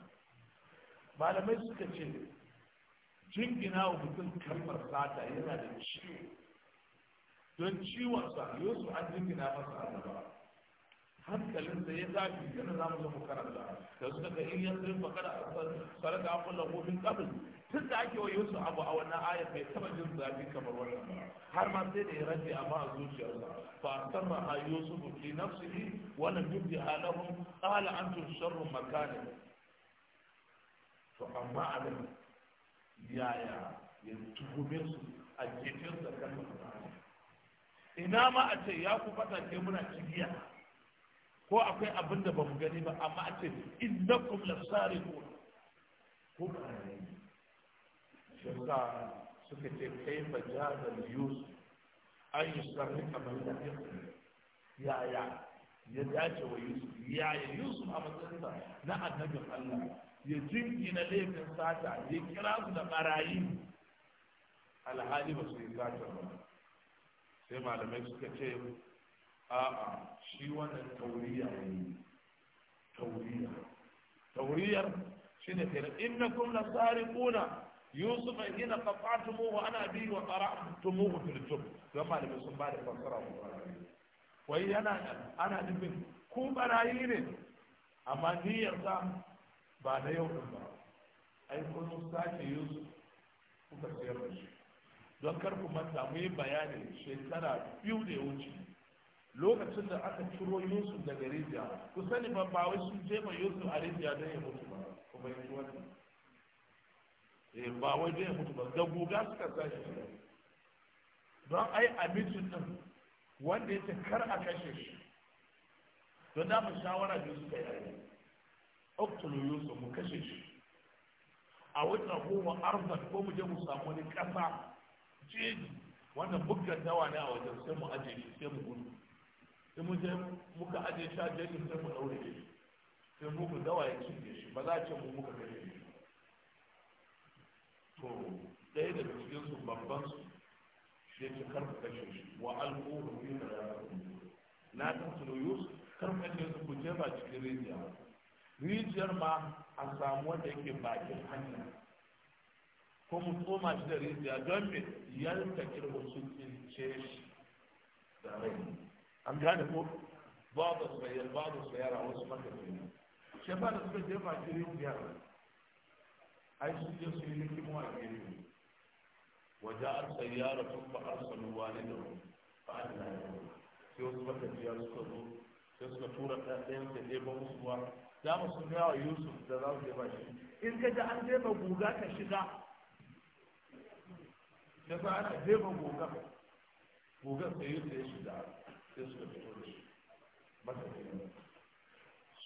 malamai suka ce jingina wa mutum kalmar sata yana da ciwo don ciwonsa yosu an jingina masa a gaba hankalinsa ya zafi yana za zama zo mu karanta da suka ga in yanzu yin makara a sarrafa an kulla gobin kabin tun da ake wa yosu abu a wannan ayar bai taba jin zafi kamar wannan har ma sai da ya rage a ba zuciyarsa fa sarra ha yosu fi nafsihi wa lam yubdi halahum qala antum sharrun makanin to amma a nan yaya ya tuhume su a jefin da kalmar ina ma a ce ya ku fata ke muna cibiya ko akwai abin da ba mu gani ba amma a ce innakum lasariqun ko ba ne shi suka ce kai ba jadal yusuf an yi sarri kamar da yaya ya dace wa yusuf yaya yusuf a matsayinsa na annabin allah ya na laifin sata ya kira su da barayi alhali ba su yi sata ba sai malamai suka ce a'a shi wannan tauriya ne tauriya tauriyar shi ne kira tsari kuna yusuf hina qata'tumuhu ana biyu wa qara'tumuhu fil jub don malamai sun ba da fassara ko wai yana ana nufin ku barayi ne amma niyyar sa ba na yau ɗin ba ai kun sake yusuf kuka sayar da shi don kar manta mu yi bayani shekara biyu da ya wuce lokacin da aka ciro yusuf daga rijiya ku sani ba ba wai sun ma yusuf a rijiya don ya mutu ba kuma ya ci wannan eh ba wai don ya mutu ba da guga suka sa shi don ai a mitin din wanda ya ce kar a kashe shi don da mu shawara biyu suka yi uktulu yusuf mu kashe shi a wata goma arzan ko mu je mu samu wani ƙasa jeji wanda bukkan dawa ne a wajen sai mu aje shi sai mu gudu sai mu je muka aje shi a jeji sai mu daure shi sai muku dawa ya cinye shi ba za a ce mu muka kashe shi to ɗaya daga cikin su babban su shi ce kar ku kashe shi wa alƙuhu fi da na tattalo yusuf kar ku kashe su ku jefa cikin rijiya rijiyar ma a samu wanda yake bakin hanya ko mu tsoma shi da rijiya don me yanka kirgo su kince shi da rai an gane ko babu sayar babu sayar a wasu makasin shi ba da suka je bakin rijiyar ai su je su yi likimu a gefe وجاءت سيارة da والدهم فأدلى ba. sai wasu matafiya suka zo sai suka tura ɗaya da ɗaya ba musu za mu sun yawa yusuf da za mu je ba shi in ka ji an jefa guga ka shiga da za ana jefa guga guga sai yusuf ya shiga sai suka fito da shi masa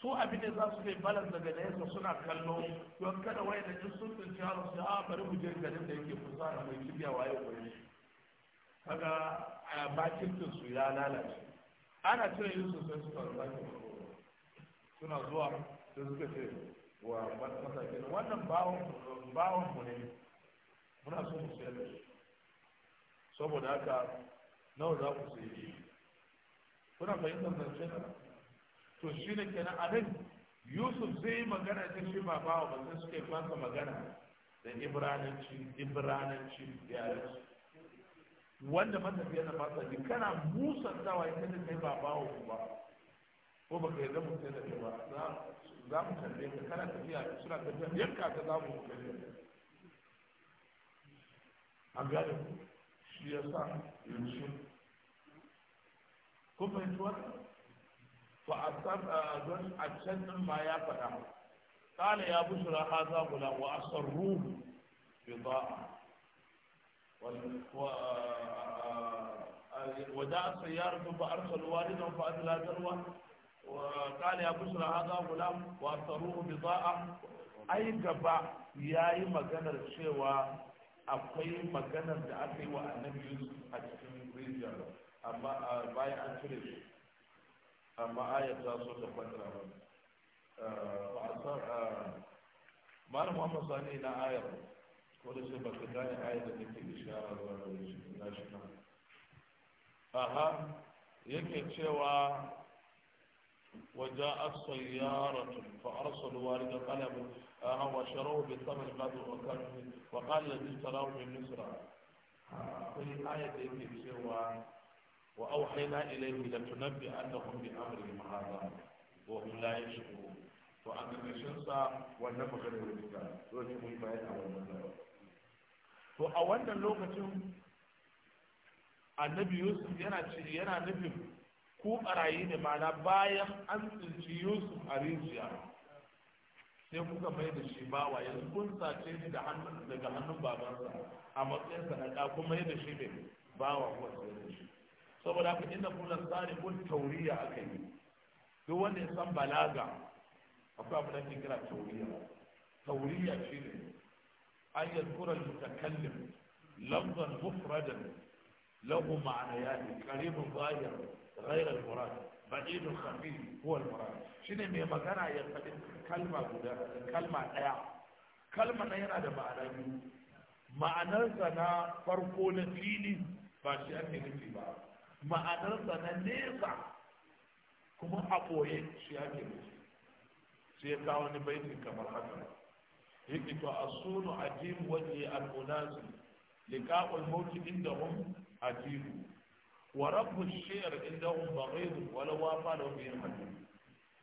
su abin da za su kai balas daga nesa suna kallo don kada wani da ji sun tsinci yaro su a ah, bari mu je garin da yake kusa da mai kibiya waye koyi kaga a bakin su ya lalace ana cire yusuf sai suka zaki suna zuwa su suka ce wa masakin wannan bawon mu ne muna so mu siyar da shi saboda haka nawa za ku sayi yi kuna fahimtar zance na to shi ne kenan a nan yusuf zai yi magana ta shi ba bawa ba sai suka yi magana da ibrananci ibrananci su wanda matafiya na fasa kana musantawa ita da ta ba bawa ba ko baka yarda mu sai da kai ba za mu kalle ka kana tafiya suna tafiya yanka ta za mu kalle a gane ku shi ya sa yanzu ko fahimci wannan to a san don a can din ma ya faɗa قال يا بشرى هذا غلام وأسروه بضاعة وجاءت سيارة فأرسل والدهم فأدلى ذروة وقال يا بشرى هذا غلام واثروه بضاعه ai gaba ya yi maganar cewa akwai maganar da aka yi wa annabi yusuf a cikin amma bayan an cire shi amma aya ta so ta kwantar ba mara muhammad sani na ayar ko da shi ba ka gane ayar da nake ishara zuwa da shi na shi aha yake cewa وجاءت سيارة فأرسلوا وارد قلم وشروه بالثمن قدر وكان وقال الذي اشتراه من مصر في آية في سوى وأوحينا إليه لتنبئنهم بأمرهم هذا وهم لا يشكرون وأن الشمسة والنفخ الوجدان دون يكون بيان أول من to a wannan lokacin annabi yusuf yana yana nufin ku barayi ne mana bayan an tsinci yusuf a rijiya sai kuka mai da shi bawa yanzu kun sace shi da hannun daga hannun babansa a matsayin sadaka kun mai da shi ne bawa kuwa sai da shi saboda haka inda kuna tsari kun tauriya aka yi duk wanda ya san balaga akwai abu da ke kira tauriya tauriya shi ne an yi yadkura mutakallim lafzan mufradan lahu ma'anayani qaribun zahir غير المراد بعيد الخفيف هو المراد شنو مي magana ya faɗi kalma guda kalma ɗaya kalma yana da ma'ana biyu ma'anarsa na farko na fili ba shi ake nufi ba ma'anarsa na nesa kuma a ɓoye shi ake nufi sai ya kawo wani baitin kamar haka yake to asunu ajim wajhi al-unasi liqa'ul mawt indahum ajibu wa rabbul shi'r indahum baghid wa law wafa lahum bihi hadith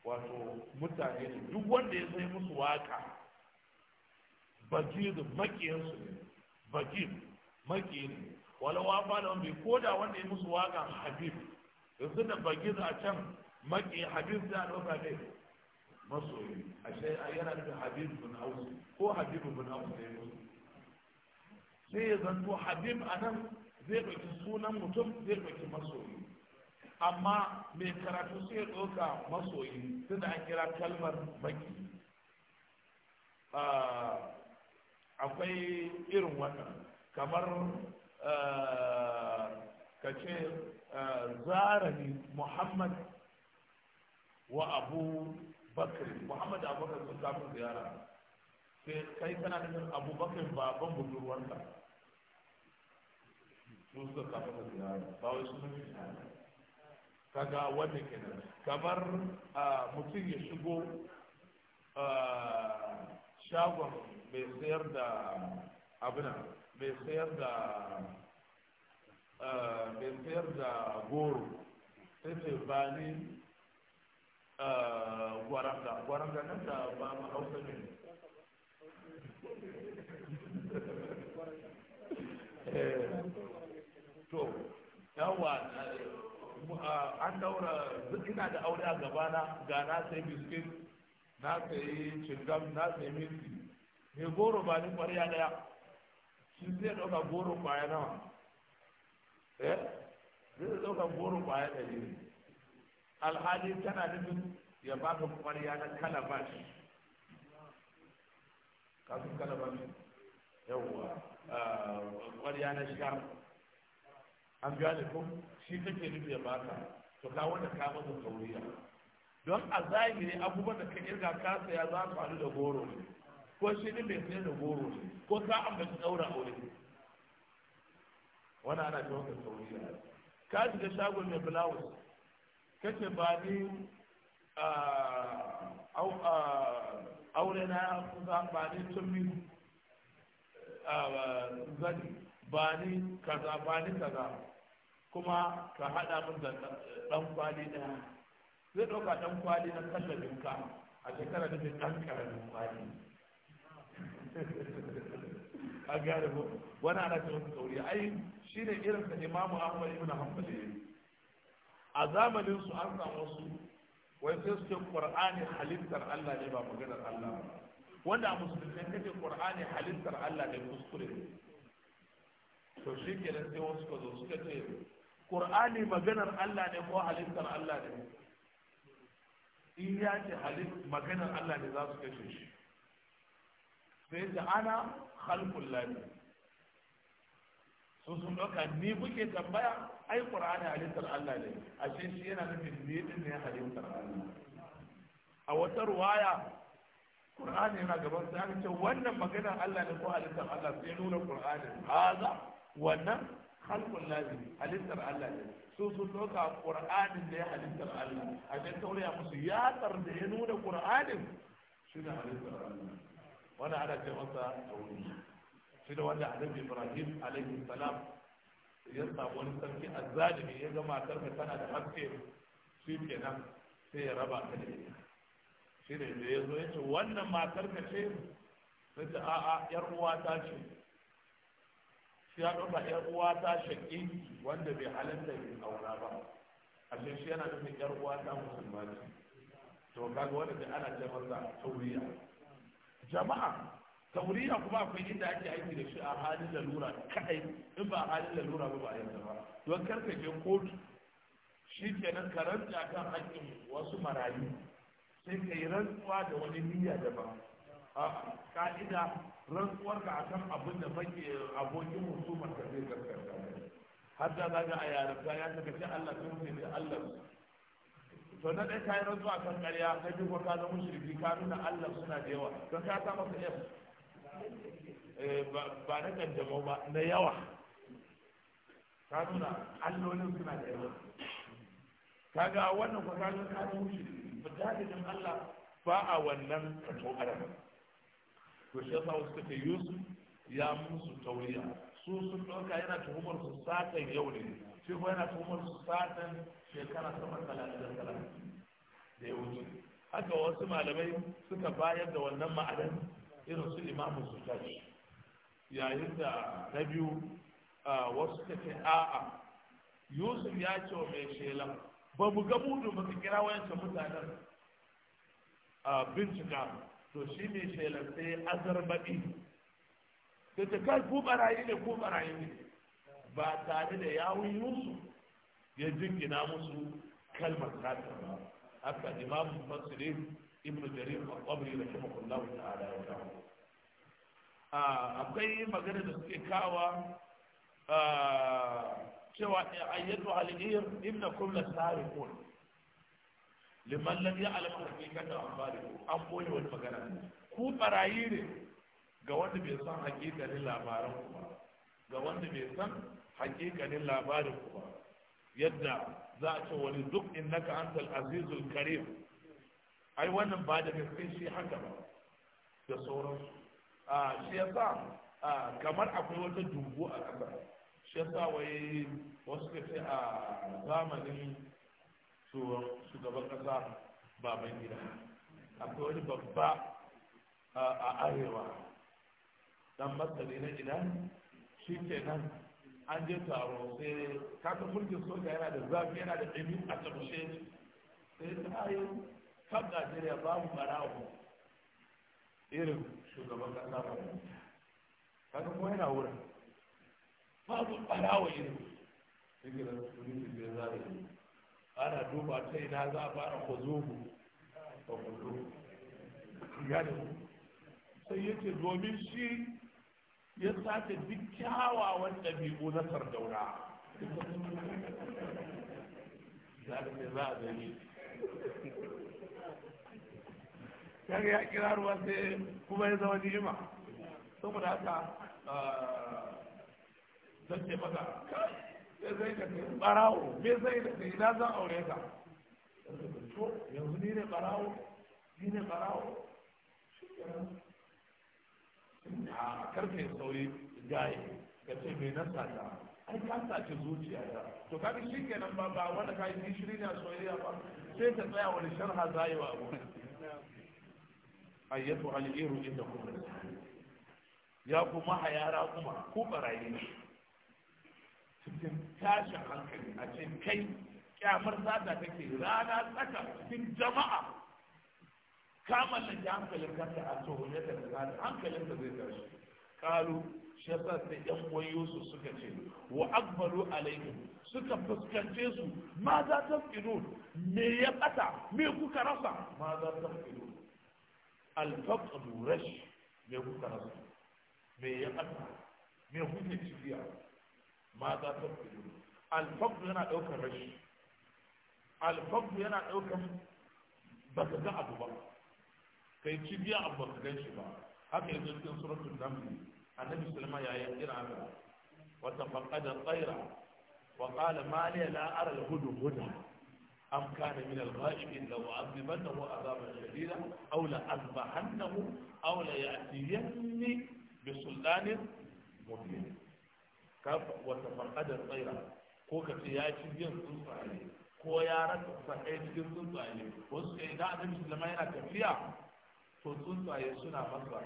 wato mutane ne duk wanda ya sai musu waka bajid makiyin su ne bajid makiyin wala wafa lahum bi koda wanda ya musu waka habib yanzu da bajid a can maki habib da doka ne masoyi A ashe yana da habib bin aus ko habib bin aus sai ya zanto habib anan zai ɗauki sunan mutum zai ɗauki masoyi amma mai karatu sai ya ɗauka masoyi tunda an kira kalmar baki ah, akwai irin wannan kamar ah, ka ce ah, zarani muhammad wa abu bakar muhammad abubakar sun samu ziyara sai kai kana nufin abubakar baban budurwarka su suka samu da zirari ba wai kaga wanda kamar mutum ya shigo shagon mai sayar da abuna mai sayar da mai sayar da goro sai ce ba ni gwaranga gwaranga nan da ma hausa ne to yawa an daura ina da aure a gabana ga na sai biskit na sai cingam na sai minti mai goro ba ni ya daya, shi zai dauka goro kwaya nawa eh zai dauka goro kwaya da ne alhali tana nufin ya baka ƙwarya na kalabash kafin kalabash yawwa ƙwarya na shi an gane ko shi kake nufi ya baka to ka wanda ka masa tauriya don a zahiri abubuwan da ka kirga ka saya za su haɗu da goro ne ko shi ne mai sayar da goro ne ko ka ambaci ɗaura aure wani ana ta wata tauriya ka shiga shagon mai blouse kace ba ni aure na kusa ba ni tun min zani ba ni kaza ba ni kaza kuma ka haɗa min da ɗan kwali ɗaya zai ɗauka ɗan kwali na tallafin ka a shekara da ɗan ƙaramin kwali a gane ko wani ana ce wasu sauri ai shi ne irin da imamu ahmad ibn hanbali a zamanin su an samu wasu wai sai su ce qur'ani halittar Allah ne ba maganar Allah ba wanda a musulmi kace qur'ani halittar Allah ne kuskure to shi kenan sai wasu ka zo suka ce ƙur'ani maganar Allah ne ko halittar Allah ne in ya ce maganar Allah ne za su kashe shi sai da ana halkun lami su sun ɗauka ni kuke tambaya ai ƙur'ani halittar Allah ne a shi yana nufin ni din ne halittar Allah a wata ruwaya ƙur'ani yana gaban sai aka ce wannan maganar Allah ne ko halittar Allah sai nuna Qur'ani haza wannan halkun lazimi halittar Allah ne su sun ɗauka ƙur'anin da ya halittar Allah a can tauraya musu yatsar da ya nuna ƙur'anin shi ne halittar Allah wani ana ce masa tauri shi wanda annabi Ibrahim alaihi salam ya samu wani sarki azzalimi ya ga matar tana da haske shi kenan sai ya raba ta da ita shi ne da ce wannan matar a'a yar uwata ta ce shi ya ɗauka ‘yar uwa ta shaƙi wanda bai halatta yin aura ba ashe shi yana nufin ‘yar uwa ta musulma ce to kaga wanda bai ana ce masa tauriya jama'a tauriya kuma akwai inda ake aiki da shi a halin lalura kadai in ba a halin lalura ba ba a yanzu ba don karka je kotu shi kenan karanta rantsa kan haƙƙin wasu marayu sai ka yi rantsuwa da wani niyya daban ka'ida rantsuwarka akan abin da fake abokin musumar ka zai gaskata har da ga a yarinta ya saka ce Allah sun ne da Allah to na dai kai rantsuwa kan ƙarya ka biyu ko ka zama mushriki ka nuna Allah suna da yawa don ka ta maka F eh, ba na kanjamau ba na yawa ka nuna allolin suna da yawa kaga wannan ko ka nuna ka zama shirki ba Allah ba a wannan kato adam to shi yasa wasu suka yusuf ya musu tauriya su sun ɗauka yana tuhumar su satan yau ne shi kuma yana tuhumar su satan shekara sama talatin da talatin da ya wuce haka wasu malamai suka bayar da wannan ma'anar irin su imamu su tashi yayin da na biyu wasu suka ce a'a yusuf ya ce wa mai shelan ba mu ga mudu ba ka kira wayancan mutanen bincika to shi ne shelar sai azarbaɗi da ta kai ku barayi ne ku barayi ne ba tare da yawun musu ya jingina musu kalmar kafin ba haka imamu masire ibn jarir al-qabri ala ya wa a akwai magana da suke kawa cewa ayyatu al-ir ibnakum la sariqun liman lam ya'lam haqiqatan amfarihi an boye wani magana ku barayi ne ga wanda bai san hakikanin labaran ku ba ga wanda bai san hakikanin labarin ku ba yadda za a ce wani duk innaka antal azizul karim ai wannan ba da gaske shi haka ba da sauran a shi yasa kamar akwai wata dubu a ƙasa shi yasa wai wasu ke ce a zamanin shugaban kasa baban gida akwai wani babba a arewa dan masari na gida shi ke nan an je taro sai kasa mulkin soja yana da zafi yana da ɗimi a ƙarshe sai ta yi kan najeriya babu marawo irin shugaban kasa ba gida kaga ko yana wurin babu marawo irin sai ke da su ne su ke zare ana duba ta ina za a fara kwazohu ba kwazo gane sai ya ce domin shi ya sace duk kyawawan ɗabi'u na sardauna za za a gani ya kira ruwa sai kuma ya zama ni'ima saboda haka ah, zan ce maka sai sai ka ce barawo me zai da ce ina zan aure ka to yanzu ni ne barawo ni ne barawo shi kenan a karfe sauri gaye ka ce me na sata ai ka sace zuciya ta to kaga shi kenan ba ba wanda ka yi shiri a soyayya ba sai ta tsaya wani sharha zai wa abu ayyatu al-iru inda kuma ya kuma hayara kuma ku barayi ne cikin tashin hankali a ce kai kyamar sata take rana tsaka cikin jama'a ka mallaki hankalin kanka a tsohon yadda da zai hankalin da zai tashi kalu shi yasa sai yan uwan Yusuf suka ce wa akbaru alaihim suka fuskance su ma za ta tsiro me ya bata me kuka rasa ma za ta tsiro alfaqdu rash me kuka rasa me ya bata me kuke cikiya ma za ta alfabdu yana ɗaukar rashi alfabdu yana ɗaukar ba ka ga abu ba kai cibiya abu ba ka gan shi ba haka yanzu cikin suratul naml annabi sulaiman ya yi kira haka wata faqada tsaira wa qala ma li la ara al hudu huda am kana min al ghaibin law azibannahu azaban shadida aw la azbahannahu aw la ya'tiyanni bi sultanin mubin wata farkadar tsaira ko ka ce ya ci biyan tsuntsaye ko ya rasa sakai cikin tsuntsaye wasu a da su zama yana tafiya to tsuntsaye suna masa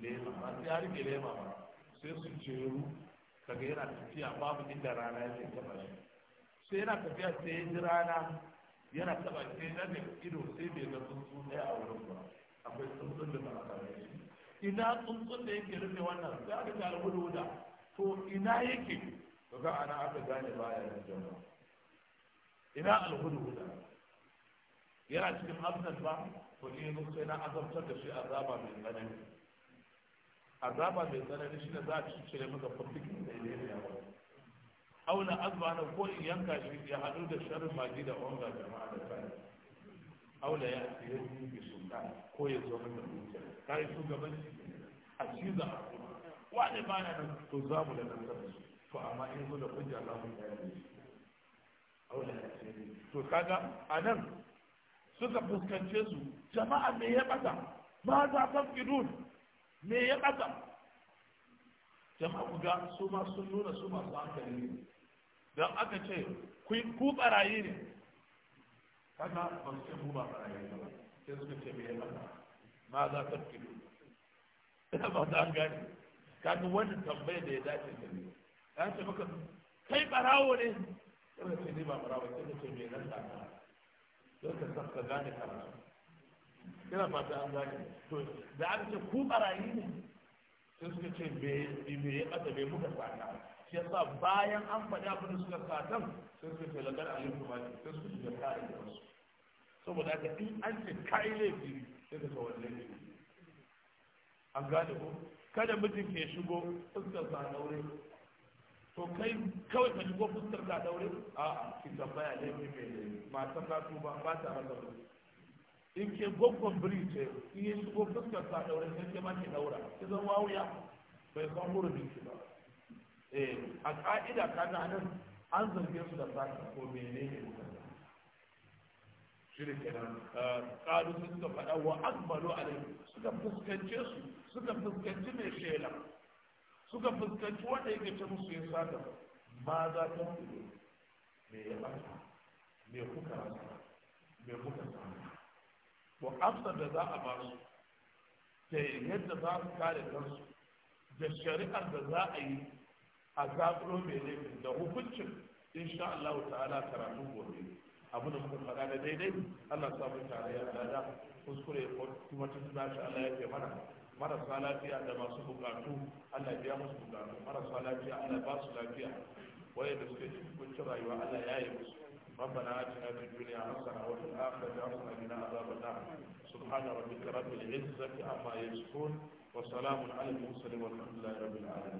lema ba sai ya rike lema ba sai su jeru kaga yana tafiya babu inda rana ya yake taba shi sai yana tafiya sai ya ji rana yana taba shi sai da ido sai bai ga tsuntsu ɗaya a wurin ba akwai tsuntsun da ba a ina tsuntsun da yake rufe wannan sai aka ga alhuda to ina yake to ga ana aka gane baya da jama'a ina alhudhuda yana cikin abdan ba to ni mun sai na azabtar da shi azaba mai tsanani azaba mai tsanani shi ne za a cire maka fafikin da ilimi ya ba auna na ko in yanka shi ya haɗu da sharri magi da onga jama'a da kai aula ya asiri bi sultan ko ya zo da dukiya kai shugabanci a ciza a wani ba na nan to za mu da nan da to amma in zo da hujja za mu yi aure. aula ya ce to kaga anan suka fuskance su jama'a me ya bata ma za ta fidun me ya bata jama'a ku ga su ma sun nuna su masu hankali ne dan aka ce ku barayi ne kaga ba su ce mu ba barayi ba sai suka ce me ya bata ma za ta fidun ba za gani ka wani tambayar da ya dace da ni ya ce maka kai barawo ne sai ce ni ba barawo sai ka ce me nan da don ka san ka gane karatu Kina fata an gane to da aka ce ku barayi ne sai suka ce bai yi ɓata bai muka sata shi sa bayan an faɗi abin da suka satan sai suka ce lagar alim kuma ce sai suka shiga kare da wasu saboda haka in an ce kai laifi sai ka ce wani laifi an gane ko kada mijin ke shigo fuskar sa daure to kai kawai ka shigo fuskar ka daure a ki tambaya laifi mai ta na tuba ba ta ba in ke gogon biri ce in ya shigo fuskar sa daure sai ke ma ki daura ki zan wawuya bai san hurumin ki ba eh a ka'ida kana nan an zarge su da sata ko menene ne shirin kenan kalu eh, sun suka faɗa wa akbalu alaihi suka fuskance su suka fuskanci mai shela suka fuskanci wanda yake ce musu yin sata ma za ta fito me ya bata me kuka rasa me kuka samu to amsar da za a ba su da yadda za su kare kansu da shari'ar da za a yi a zaɓuro mai laifin da hukuncin insha Allah ta'ala karatu gobe abu da muka faɗa da daidai Allah sa mu tare ya dada kuskure kuma tun da shi Allah ya ce mana marasa lafiya da masu bukatu Allah ya biya musu bukatu marasa lafiya Allah ba su lafiya waye da suke cikin rayuwa Allah ya yi musu ربنا آتنا في الدنيا حسنة وفي الآخرة حسنة من عذاب النار سبحان ربك رب العزة عما يصفون وسلام على المرسلين والحمد لله رب العالمين